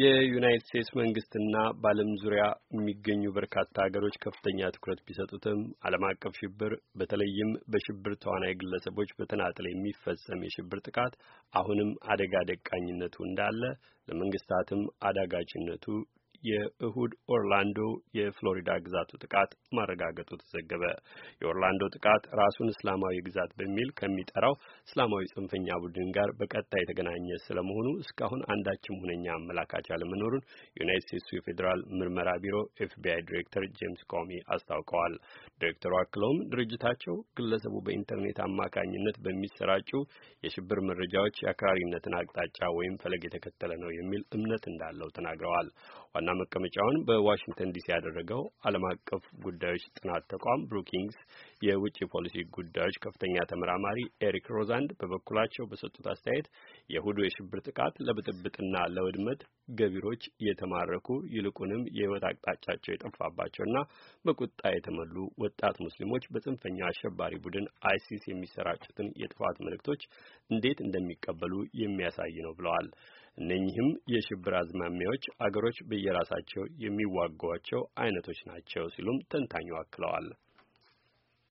የዩናይትድ ስቴትስ መንግስትና በዓለም ዙሪያ የሚገኙ በርካታ ሀገሮች ከፍተኛ ትኩረት ቢሰጡትም ዓለም አቀፍ ሽብር በተለይም በሽብር ተዋናይ ግለሰቦች በተናጠል የሚፈጸም የሽብር ጥቃት አሁንም አደጋ ደቃኝነቱ እንዳለ ለመንግስታትም አዳጋችነቱ የእሁድ ኦርላንዶ የፍሎሪዳ ግዛቱ ጥቃት ማረጋገጡ ተዘገበ። የኦርላንዶ ጥቃት ራሱን እስላማዊ ግዛት በሚል ከሚጠራው እስላማዊ ጽንፈኛ ቡድን ጋር በቀጥታ የተገናኘ ስለመሆኑ እስካሁን አንዳችም ሁነኛ አመላካች አለመኖሩን ዩናይት ስቴትሱ የፌዴራል ምርመራ ቢሮ ኤፍቢአይ ዲሬክተር ጄምስ ኮሚ አስታውቀዋል። ዲሬክተሩ አክለውም ድርጅታቸው ግለሰቡ በኢንተርኔት አማካኝነት በሚሰራጩ የሽብር መረጃዎች የአክራሪነትን አቅጣጫ ወይም ፈለግ የተከተለ ነው የሚል እምነት እንዳለው ተናግረዋል። ዋና ዋና መቀመጫውን በዋሽንግተን ዲሲ ያደረገው ዓለም አቀፍ ጉዳዮች ጥናት ተቋም ብሩኪንግስ የውጭ ፖሊሲ ጉዳዮች ከፍተኛ ተመራማሪ ኤሪክ ሮዛንድ በበኩላቸው በሰጡት አስተያየት የእሁዱ የሽብር ጥቃት ለብጥብጥና ለውድመት ገቢሮች የተማረኩ ይልቁንም የህይወት አቅጣጫቸው የጠፋባቸውና በቁጣ የተሞሉ ወጣት ሙስሊሞች በጽንፈኛ አሸባሪ ቡድን አይሲስ የሚሰራጩትን የጥፋት መልእክቶች እንዴት እንደሚቀበሉ የሚያሳይ ነው ብለዋል። እነኚህም የሽብር አዝማሚያዎች አገሮች በየራሳቸው የሚዋጓቸው አይነቶች ናቸው ሲሉም ተንታኙ አክለዋል።